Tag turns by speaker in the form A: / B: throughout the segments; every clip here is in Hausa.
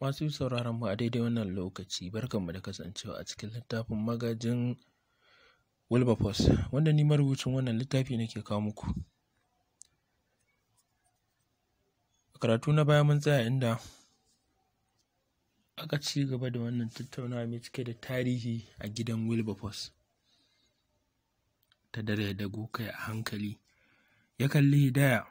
A: Masu sauraron mu a daidai wannan lokaci barkanmu da kasancewa a cikin littafin magajin Wilberforce wanda ni marubucin wannan littafi nake kawo muku. Karatu na baya mun tsaya inda aka ci gaba da wannan tattaunawa mai cike da tarihi a gidan Wilberforce. Ta dare da kai a hankali ya kalli Hidaya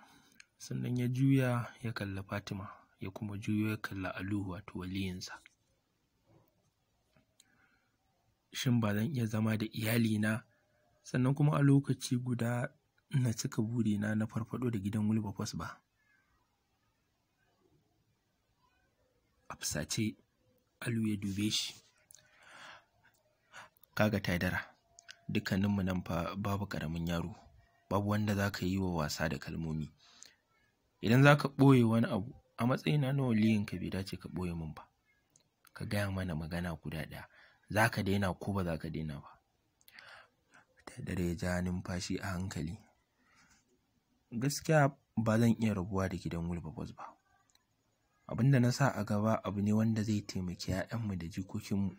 A: sannan ya juya ya kalli Fatima. ya kuma juyo ya kalli Aliyu wato waliyinsa. Shin ba zan iya zama da iyalina sannan kuma a lokaci guda na cika burina na farfaɗo da gidan Wilberforce ba? A fusace Aliyu ya dube shi. Kaga taidara, dukkaninmu nan fa babu ƙaramin yaro, babu wanda za ka yi wa wasa da kalmomi. Idan za ka ɓoye wani abu a matsayina na ka bai dace ka ɓoye min ba ka gaya mana magana guda ɗaya za ka daina ko ba za ka daina ba da dare ja numfashi a hankali gaskiya ba zan iya rabuwa da gidan bos ba Abinda na sa a gaba abu ne wanda zai taimaki 'ya'yanmu da jikokinmu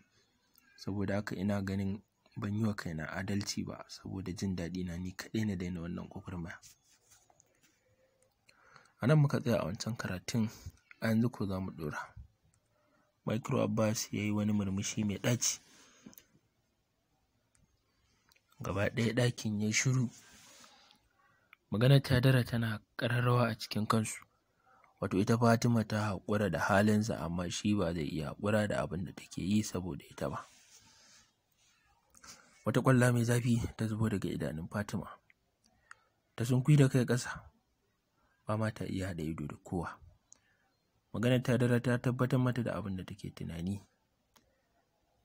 A: saboda haka ina ganin ban yi wa kaina adalci ba saboda jin daɗi na ni kaɗai na daina wannan gwagwarmaya A nan muka tsaya a wancan karatun, a yanzu ko za mu ɗora. Micro Abbas ya yi wani murmushi mai ɗaci. Gaba ɗaya ɗakin ya yi shiru. Maganar dara tana ƙararrawa a cikin kansu. Wato ita Fatima ta haƙura da halinsa amma shi ba zai iya haƙura da abin da take yi saboda ita ba. Wata ƙwalla mai zafi ta zubo daga idanun Fatima. Ta sunkui da kai ƙasa. ba ta iya haɗa ido da kowa maganar tadara ta tabbatar mata da abin da take tunani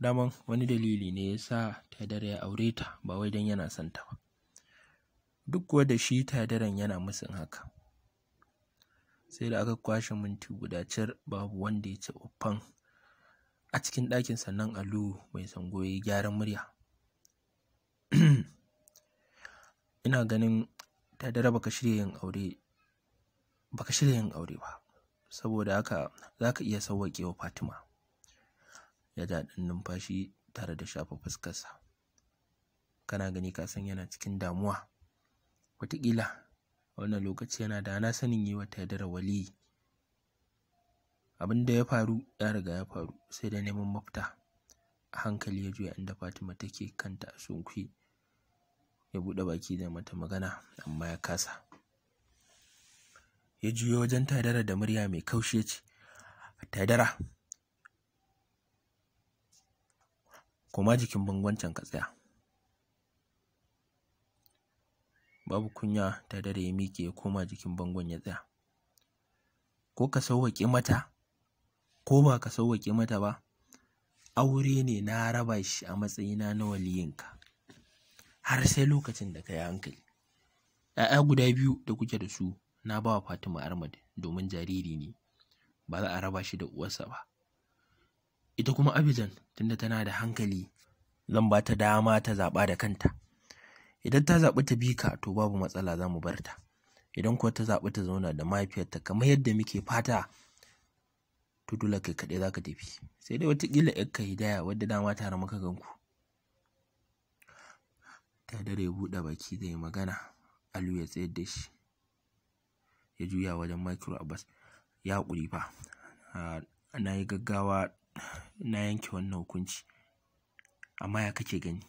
A: daman wani dalili ne ya sa tadara ya aure ta ba wai don yana son ta ba duk kuwa da shi tadaran yana musun haka sai da aka kwashe minti guda cir babu wanda ya ci uffan a cikin ɗakin sannan alu mai sango ya gyaran murya ina ganin tadara baka shirya yin aure baka shirya yin aure ba saboda haka za ka iya sauwaƙe wa fatima ya ja ɗan numfashi tare da shafa fuskarsa kana gani ka san yana cikin damuwa wataƙila a wannan lokaci yana da na sanin yi wa yadda wali abin da ya faru ya riga ya faru sai da neman mafita a hankali ya juya inda fatima take kanta a sunkuyi ya buɗe baki da mata magana amma ya kasa ya juyo wajen taidara da murya mai kaushi ya ce taidara Kuma jikin bangon can ka tsaya babu kunya taidara ya miƙe ya koma jikin bangon ya tsaya ko ka sauwaƙe mata ko ba ka sauwaƙe mata ba aure ne na raba shi a matsayina na waliyinka har sai lokacin da ka yi hankali ‘ya'ya guda biyu da kuke da su na ba wa Fatima Ahmad domin jariri ne ba za a raba shi da uwarsa ba ita kuma Abidjan tunda tana da hankali zan ba ta dama ta zaɓa da kanta idan ta zaɓi ta bi ka to babu matsala za mu bar ta idan kuwa ta zaɓi ta zauna da mahaifiyarta kamar yadda muke fata to dole kai kaɗai za ka tafi sai dai watakila yar ka hidaya wadda dama ta tare maka ganku ta dare buɗe baki zai magana aliyu ya tsayar da shi ya juya wajen Micro Abbas. Ya haƙuri fa, na yi gaggawa na yanke wannan hukunci, amma ya kake gani?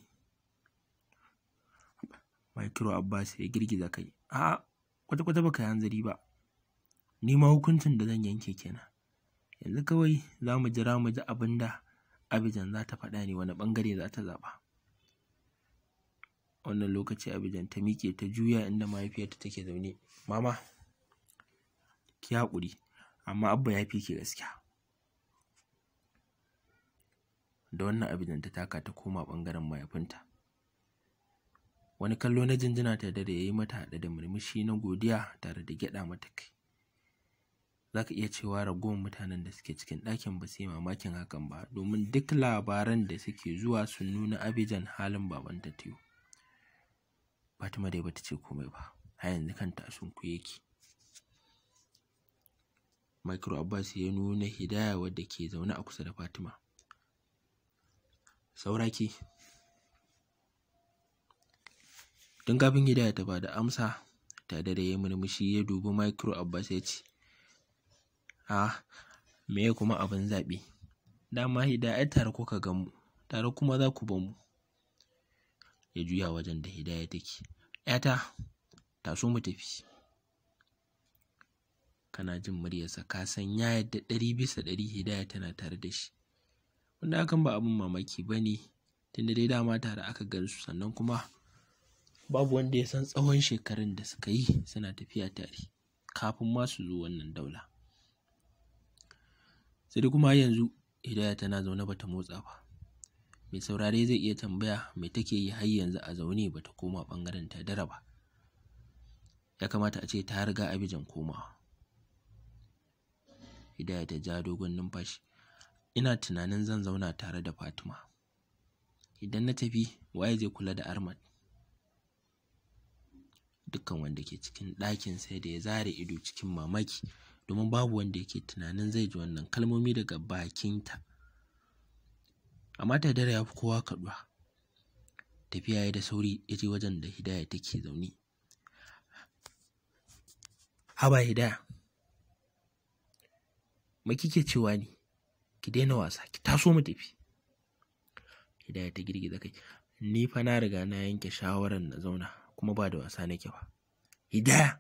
A: Micro Abbas ya girgiza kai, a'a kwata-kwata baka yi hanzari ba, ni ma hukuncin da zan yanke kenan. Yanzu kawai za mu jira mu ji abin da Abidjan za ta faɗa ne wani ɓangare za ta zaɓa. wannan lokaci abijan ta miƙe ta juya inda mahaifiyarta take zaune. Mama. ki haƙuri amma abba ya fi ki gaskiya da wannan abin ta taka ta koma ɓangaren mayafinta. wani kallo na jinjina ta dare ya yi mata haɗe da murmushi na godiya tare da gyaɗa mata kai za ka iya cewa ragowar mutanen da suke cikin ɗakin ba su yi mamakin hakan ba domin duk labaran da suke zuwa sun nuna abijan halin baban ta tiyo fatima dai bata ce komai ba har yanzu kanta a sunkuye yake Micro Abbas ya nuna Hidaya wadda ke zaune a kusa da Fatima. Sauraki. Don kafin Hidaya ta ba da amsa, ta dare ya murmushi ya dubi Micro Abbas ya ce, A, me kuma abin zaɓi? Dama Hidaya ai tare kuka gan mu, tare kuma za ku ban mu. Ya juya wajen da Hidaya take. ‘Yata, taso mu tafi. kana jin muryarsa ka san ya yadda ɗari bisa ɗari hidaya tana tare da shi wanda hakan ba abin mamaki ba ne tunda dai dama tare aka gansu sannan kuma babu wanda ya san tsawon shekarun da suka yi suna tafiya tare kafin ma su zo wannan daula sai kuma yanzu hidaya tana zaune ba ta motsa ba mai saurare zai iya tambaya mai take yi har yanzu a zaune ba ta koma bangaren ta dara ba ya kamata a ce ta riga abijan komawa Hidaya ta ja dogon numfashi. Ina tunanin zan zauna tare da Fatima. Idan na tafi, waye zai kula da Arman? Dukkan wanda ke cikin ɗakin sai da ya zare ido cikin mamaki domin babu wanda yake tunanin zai ji wannan kalmomi daga bakinta. Amma ta dare ya fi kowa kaɗuwa. Tafiya ya da sauri ya je wajen da Hidaya take zaune. Haba Hidaya, ma kike cewa ne ki daina wasa ki taso mu tafi hidaya ta girgiza kai ni fa na riga na yanke shawarar na zauna kuma ba da wasa nake ba hidaya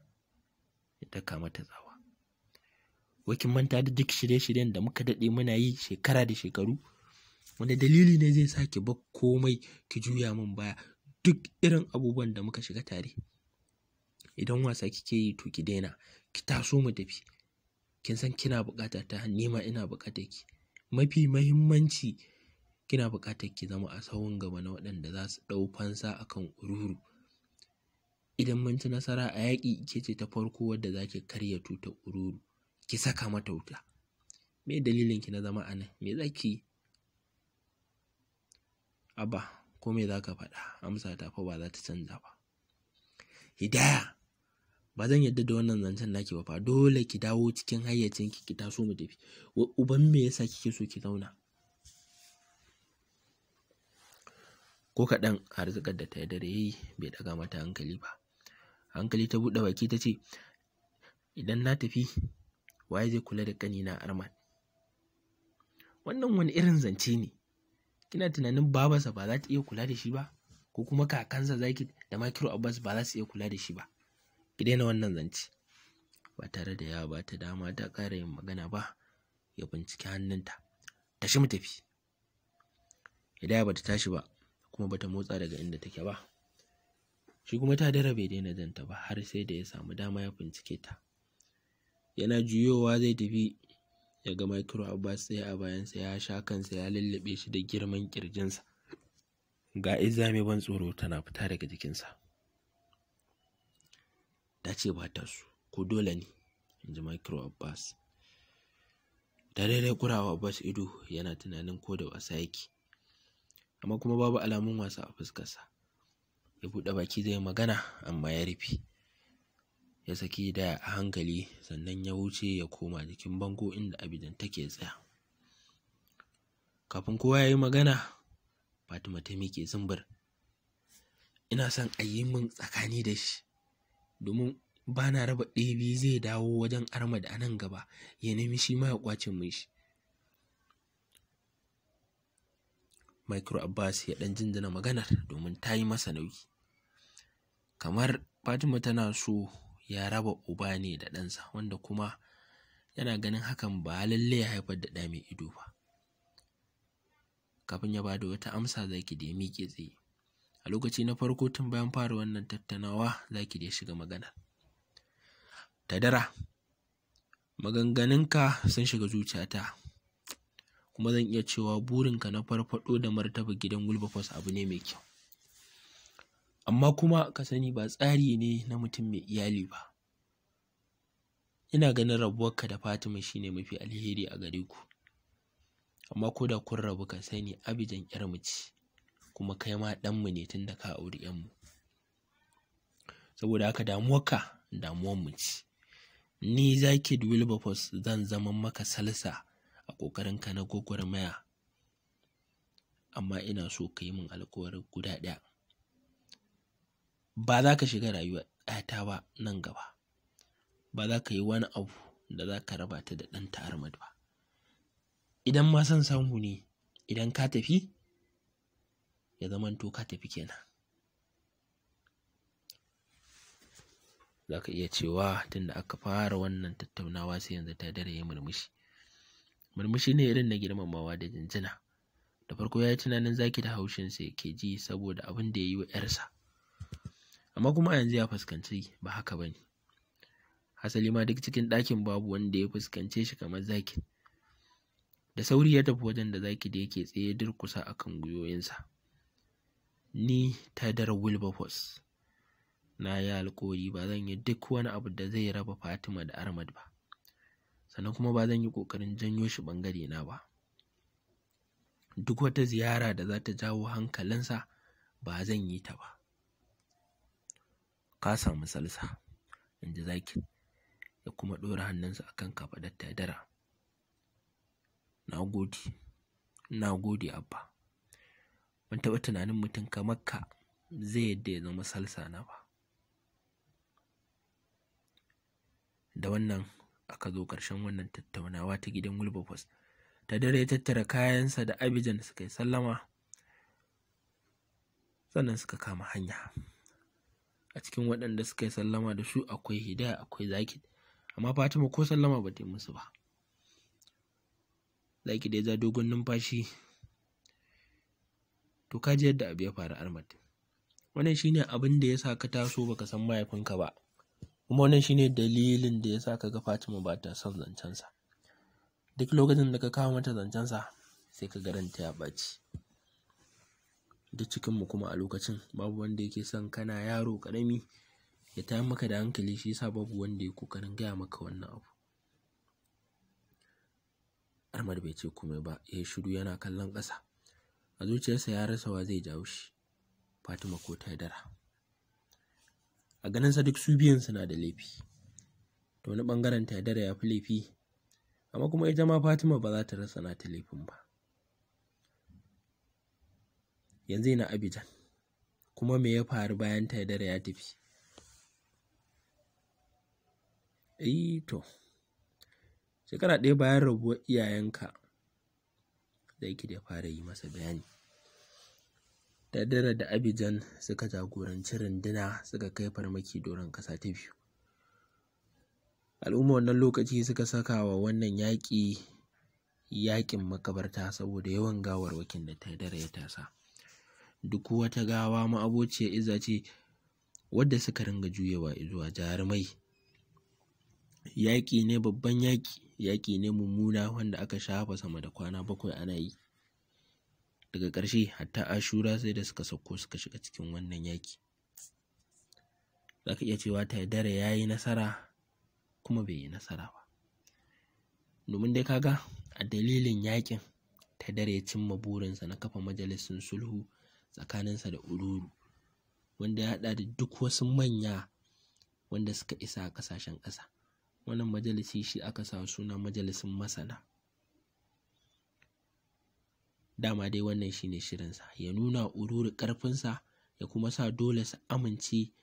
A: ta kama ta tsawa wakin manta da duk shirye-shiryen da muka daɗe muna yi shekara da shekaru wanda dalili ne zai sake ba komai ki juya min baya duk irin abubuwan da muka shiga tare idan wasa kike yi to ki daina ki taso mu tafi kin san kina buƙata ta ni ma ina buƙata ki mafi mahimmanci kina buƙatar ki zama a sahun gaba na waɗanda za su ɗau fansa a kan ururu idan mun ci nasara a yaƙi ke ce ta farko wadda za ki karya tuta ururu ki saka mata wuta me dalilin ki na zama a nan me za ki abba ko me za ka faɗa amsa ta fa ba za ta canza ba hidaya ba zan yadda da wannan zancen naki ba fa dole ki dawo cikin hayyacin ki ki taso mu tafi uban me yasa kike so ki zauna ko kaɗan arzikar da ta yi dare yayi bai daga mata hankali ba hankali ta buɗe baki ta ce idan na tafi waye zai kula da ƙanina arman wannan wani irin zance ne kina tunanin babarsa ba za ta iya kula da shi ba ko kuma kakansa zaki da makiro abbas ba za su iya kula da shi ba ki daina wannan zance ba tare da ya bata dama ta ƙara yin magana ba ya binciki hannunta tashi mu tafi hidaya bata tashi ba kuma bata motsa daga inda take ba shi kuma ta dara bai daina zanta ba har sai da ya samu dama ya bincike ta yana juyowa zai tafi ya ga micro abbas tsaye a bayansa ya sha kansa ya lulluɓe shi da girman kirjinsa ga izami ban tsoro tana fita daga jikinsa ta ce ba ta su ko dole ne in ji micro abbas Da daidai kurawa abbas ido yana tunanin ko da wasa yake amma kuma babu alamun wasa a fuskarsa ya buɗe baki zai magana amma ya rufe ya saki da a hankali sannan ya wuce ya koma jikin bango inda abidan take tsaya kafin kowa ya yi magana fatima ta miƙe zumbur ina son a yi min tsakani da shi domin ba na raba ɗebi zai dawo wajen arma a nan gaba ya nemi shi ma ya kwace mai shi micro abbas ya ɗan jinjina maganar domin ta yi masa nauyi kamar fatima tana so ya raba uba ne da ɗansa wanda kuma yana ganin hakan ba lalle ya haifar da ɗa mai ido ba kafin ya ba da wata amsa zaki da ya miƙe tsaye a lokaci na farko tun bayan fara wannan tattanawa za ki je shiga magana tadara maganganunka sun shiga zuciyata kuma zan iya cewa burinka na farfaɗo da martaba gidan wilberforce abu ne mai kyau amma kuma ka sani ba tsari ne na mutum mai iyali ba ina ganin rabuwarka da fatima shine mafi alheri a gare ku amma ko da kun rabu ka sani abijan yar mace kuma kai ma ɗanmu ne tun da ka auri mu saboda haka damuwarka damuwar mu ce ni zaki wilberforce zan zama maka salsa a ka na gwagwarmaya amma ina so ka yi min alkawarin guda ɗaya ba za ka shiga rayuwar ɗata ba nan gaba ba za ka yi wani abu da za ka raba ta da ɗanta armad ba idan ma son samu ne idan ka tafi ya zamanto ka tafi kenan za ka iya cewa tunda aka fara wannan tattaunawa sai yanzu ta dare ya murmushi murmushi ne irin na girmamawa da jinjina da farko ya yi tunanin zaki da haushin sai ke ji saboda abin da ya yi wa 'yarsa amma kuma yanzu ya fuskanci ba haka ba ne hasali ma duk cikin ɗakin babu wanda ya fuskance shi kamar zaki da sauri ya tafi wajen da zaki da yake tsaye durkusa akan gwiwoyinsa ni tadar Wilberforce na yi alkawari ba zan yi duk wani abu da zai raba Fatima da armad ba sannan kuma ba zan yi ƙoƙarin janyo shi bangare na ba duk wata ziyara da za ta jawo hankalinsa ba zan yi ta ba ka samu salsa in ji zaki ya kuma ɗora hannunsa a kan kafaɗar tadara na na gode abba ban taɓa tunanin mutum kamar ka zai yadda ya zama salsa na ba da wannan aka zo ƙarshen wannan tattaunawa ta gidan wilberforce ta dare ya tattara kayansa da abijan suka yi sallama sannan suka kama hanya a cikin waɗanda suka yi sallama da su akwai hidaya akwai zaki amma fatima ko sallama ba ta yi musu ba zaki da ya za dogon numfashi to ka ji yadda abu ya faru armad wannan shine abin da ya sa ka taso baka san mahaifinka ba kuma wannan shine dalilin da ya sa ka ga fatima ba ta son zancensa duk lokacin da ka kawo mata zancensa sai ka garanta ya ɓaci duk mu kuma a lokacin babu wanda yake son kana yaro karami ya taya maka da hankali shi yasa babu wanda ya kokarin gaya maka wannan abu Ahmad bai ce komai ba ya shiru yana kallon ƙasa a zuciyarsa ya rasa wa zai jawo shi fatima ko taidara a ganinsa duk su biyan suna da laifi to wani ɓangaren taidara ya fi laifi amma kuma ita ma fatima ba za ta rasa na ta laifin ba yanzu yana abijan kuma me ya faru bayan taidara ya tafi eh to shekara ɗaya bayan rabuwar iyayenka yake da fara yi masa bayani. Daddare da Abidjan suka jagoranci runduna suka kai farmaki doron ƙasa ta biyu. Al'umma wannan lokaci suka saka wa wannan yaƙi yaƙin makabarta saboda yawan gawarwakin da dare ya tasa. Duk wata gawa ma'abociyar iza ce wadda suka ringa juyawa zuwa jarumai yaƙi ne babban yaƙi yaƙi ne mummuna wanda aka shafa sama da kwana bakwai ana yi daga ƙarshe hatta ashura sai da suka sauko suka shiga cikin wannan yaƙi za ka iya cewa taidara ya yi nasara kuma bai yi nasara ba domin dai kaga a dalilin yaƙin ta dare ya cimma burinsa na kafa majalisun sulhu tsakaninsa da ururu wanda ya haɗa da duk wasu manya wanda suka isa a ƙasashen ƙasa wannan majalisi shi aka sa suna majalisin masana dama dai wannan shine shirinsa ya nuna ururi ƙarfinsa ya kuma sa dole su amince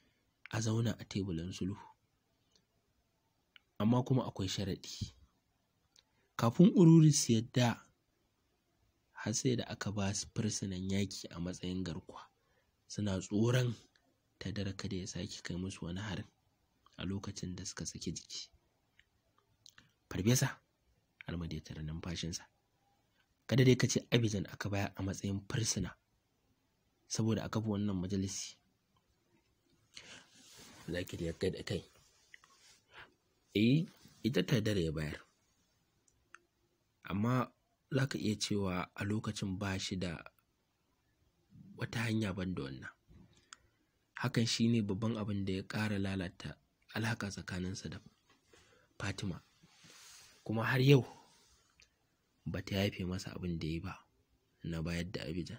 A: a zauna a tebulan sulhu amma kuma akwai sharaɗi kafin ururi su yadda har sai da aka ba su fursunan yaƙi a matsayin garkuwa suna tsoron ta kada ya sake kai musu wani harin a lokacin da suka saki jiki farfesa almadi ya numfashinsa kada dai ka ce abijan aka baya a matsayin fursuna saboda a kafa wannan majalisi zakir da kai da kai eh ita ta ya bayar amma za ka iya cewa a lokacin ba shi da wata hanya ban da wannan hakan shine babban abin da ya ƙara lalata alhaka tsakaninsa da fatima kuma har yau ba ta yafe masa abin da ya ba na bayar da abijan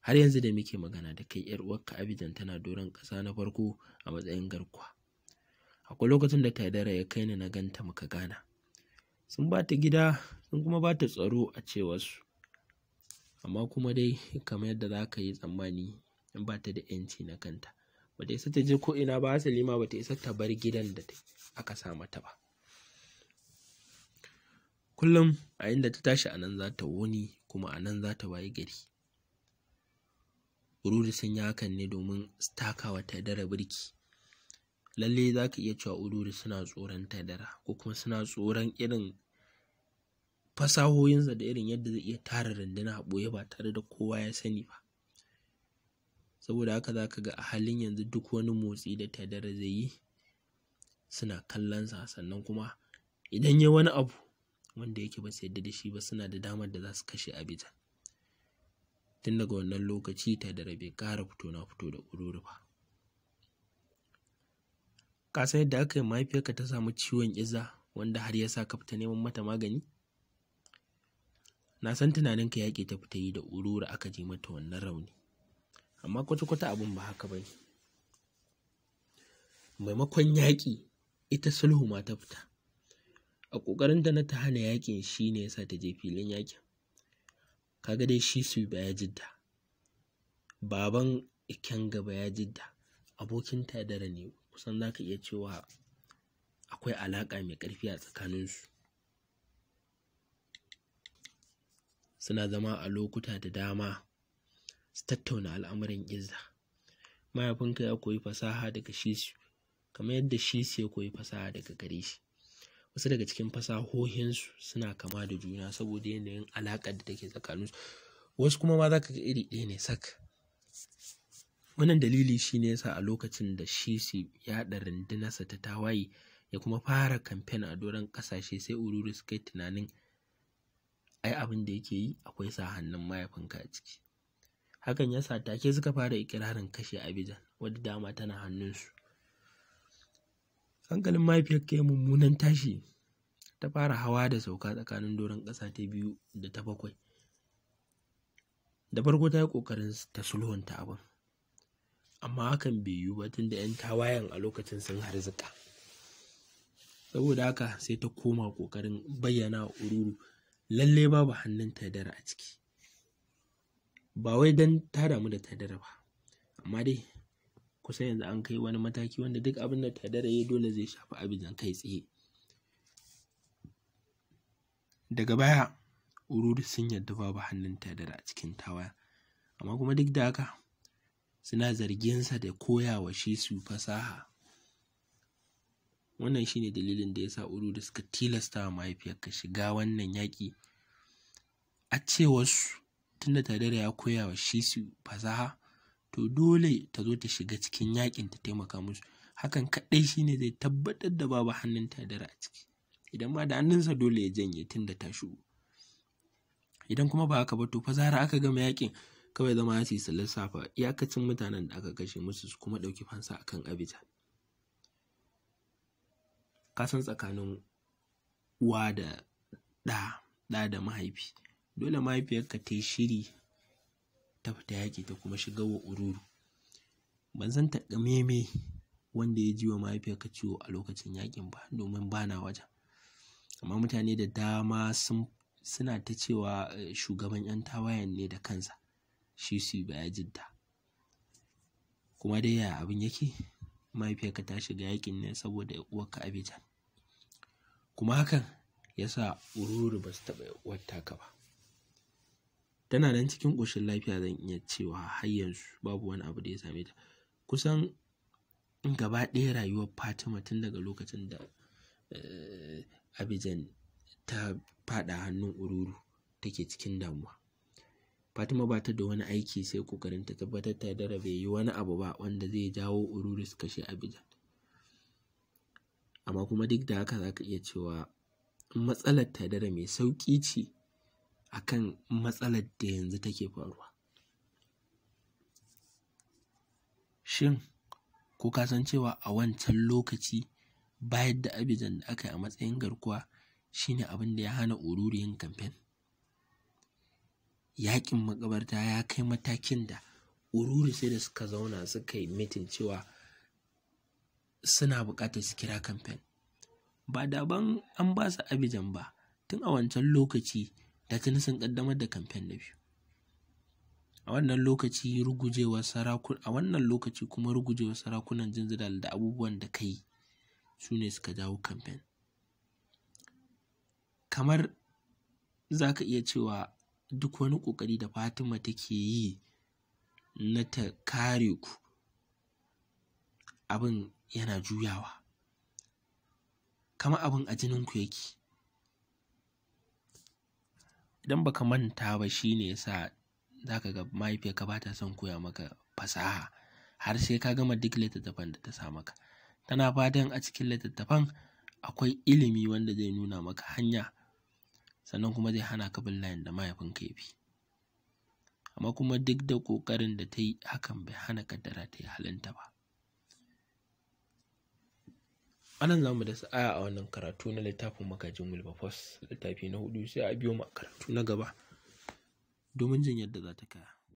A: har yanzu da muke magana da kai yar uwarka abijan tana doron ƙasa na farko a matsayin garkuwa akwai lokacin da taidara ya kai ni na ganta muka gana sun ba ta gida sun kuma ba ta tsaro a cewarsu amma kuma dai kamar yadda za ka yi tsammani in ba ta da yanci na kanta ba ta isa ta je ko ina ba asali ba ta isa ta bar gidan da aka sa mata ba kullum a inda ta tashi a nan za ta wuni kuma a nan za ta waye gari ururi sun yi hakan ne domin takawa taidara birki lalle za ka iya cewa ururi suna tsoron taidara ko kuma suna tsoron irin fasahoyinsa da irin yadda zai iya tara runduna a ɓoye ba tare da kowa ya sani ba saboda haka za ka ga a halin yanzu duk wani motsi da taidara zai yi suna kallonsa sannan kuma idan ya wani abu wanda yake ba su yadda da shi ba suna da damar da za su kashe bita, Tun daga wannan lokaci ta da rabe kara fito na fito da ƙururufa. Ka san yadda aka yi mahaifiyarka ta samu ciwon iza wanda har ya sa ka fita neman mata magani? Na san tunaninka yaƙi ta fita yi da urura aka ji mata wannan rauni, amma kwata-kwata abin ba haka ba ne. Maimakon yaƙi ita sulhu ma ta fita. a ƙoƙarin da na ta hana yakin shi ne yasa ta je filin yakin kaga dai shi su ya jidda baban iken gaba ya jidda abokin tadara ne kusan za ka iya cewa akwai alaƙa mai ƙarfi a tsakaninsu suna zama a lokuta da dama su tattauna al'amuran izza mahaifinka ya koyi fasaha daga shisu kamar yadda shisu ya koyi fasaha daga gare shi wasu daga cikin fasahohinsu suna kama da juna saboda yanayin alaƙar da take tsakaninsu wasu kuma ma za ka ga iri ɗaya ne sak wannan dalili shi ne yasa a lokacin da shisi ya yaɗa rundunarsa ta tawaye ya kuma fara kamfen a doron ƙasashe sai ururu suka yi tunanin ai abin da yake yi akwai sa hannun mahaifinka a ciki hakan yasa take suka fara ikirarin kashe abijan wadda dama tana hannunsu hankalin mahaifiyarka ya mummunan tashi ta fara hawa da sauka tsakanin doron ƙasa ta biyu da ta bakwai da farko ta yi ƙoƙarin ta sulhunta abin amma hakan bai yiwu ba da 'yan tawayen a lokacin sun harzuka saboda haka sai ta koma ƙoƙarin bayyana wa ururu lalle babu hannun tadara a ciki ba wai don ta damu da tadara ba amma dai kusa yanzu an kai wani mataki wanda duk abin da Tadara ya dole zai shafi Abidjan kai tsaye. Daga baya Ururu sun yarda babu hannun Tadara a cikin tawaya, amma kuma duk da haka suna zarginsa da koyawa shi su fasaha. Wannan shine dalilin da ya sa Ururu suka tilasta wa ka shiga wannan yaƙi. A cewarsu tunda Tadara ya koya wa shi su fasaha to dole ta zo ta shiga cikin yaƙin ta taimaka musu hakan kaɗai shi ne zai tabbatar da babu hannun ta dara a ciki idan ma da hannunsa dole ya janye tun da ta shigo idan kuma ba haka ba to fa zara aka gama yakin kawai zama su yi lissafa iyakacin mutanen da aka kashe musu su kuma ɗauki fansa akan abita kasan tsakanin uwa da ɗa ɗa da mahaifi dole mahaifiyarka ta yi shiri ta fita yaƙi ta kuma shiga wa ururu ban san takamaime wanda ya ji wa mahaifiyarka ciwo a lokacin yaƙin ba domin ba na wajen amma mutane da dama sun suna ta cewa eh, shugaban 'yan tawayen ne da kansa shi su yi jidda kuma dai yaya abin yake mahaifiyarka ta shiga yaƙin ne saboda uwarka abijan kuma hakan ya sa ururu ba su taɓa wata ka ba tana nan cikin ƙoshin lafiya zan iya cewa har yanzu babu wani abu da ya same ta kusan gaba ɗaya rayuwar fatima tun daga lokacin da eh, abijan ta faɗa hannun ururu take cikin damuwa fatima ba ta da wani aiki sai ƙoƙarin ta tabbatar ta dara bai yi wani abu ba wanda zai jawo ururu su kashe abijan amma kuma duk da haka za ka iya cewa matsalar ta dara mai sauƙi ce akan matsalar da yanzu take faruwa shin ko ka san cewa a wancan lokaci bayan da abijan da aka yi a matsayin garkuwa shine abin da ya hana ururi yin kamfen yakin makabarta ya kai matakin da ururi sai da suka zauna suka yi mitin cewa suna buƙatar su kira kamfen ba daban an ba su abijan ba tun a wancan lokaci tuni sun kaddamar da kamfen na biyu a wannan lokaci rugujewar sarakun a wannan lokaci kuma rugujewa sarakunan jinjidal da abubuwan da kai su ne suka jawo kamfen kamar za ka iya cewa duk wani ƙoƙari da fatima take yi na ta kare ku abin yana juyawa kama abin a jininku yake idan baka manta ba shi sa yasa zaka ga mahaifiyarka ba ta son koya maka fasaha har sai ka gama duk littattafan da ta sa maka tana fatan a cikin littattafan akwai ilimi wanda zai nuna maka hanya sannan kuma zai hana ka bin layin da mahaifinka ya bi amma kuma duk da ƙoƙarin da ta yi hakan bai hana dara ta yi halinta ba anan za mu dasa aya a wannan karatu na littafin makajin wilberforce littafi na hudu sai a biyo mu a karatu na gaba domin jin yadda za ta kaya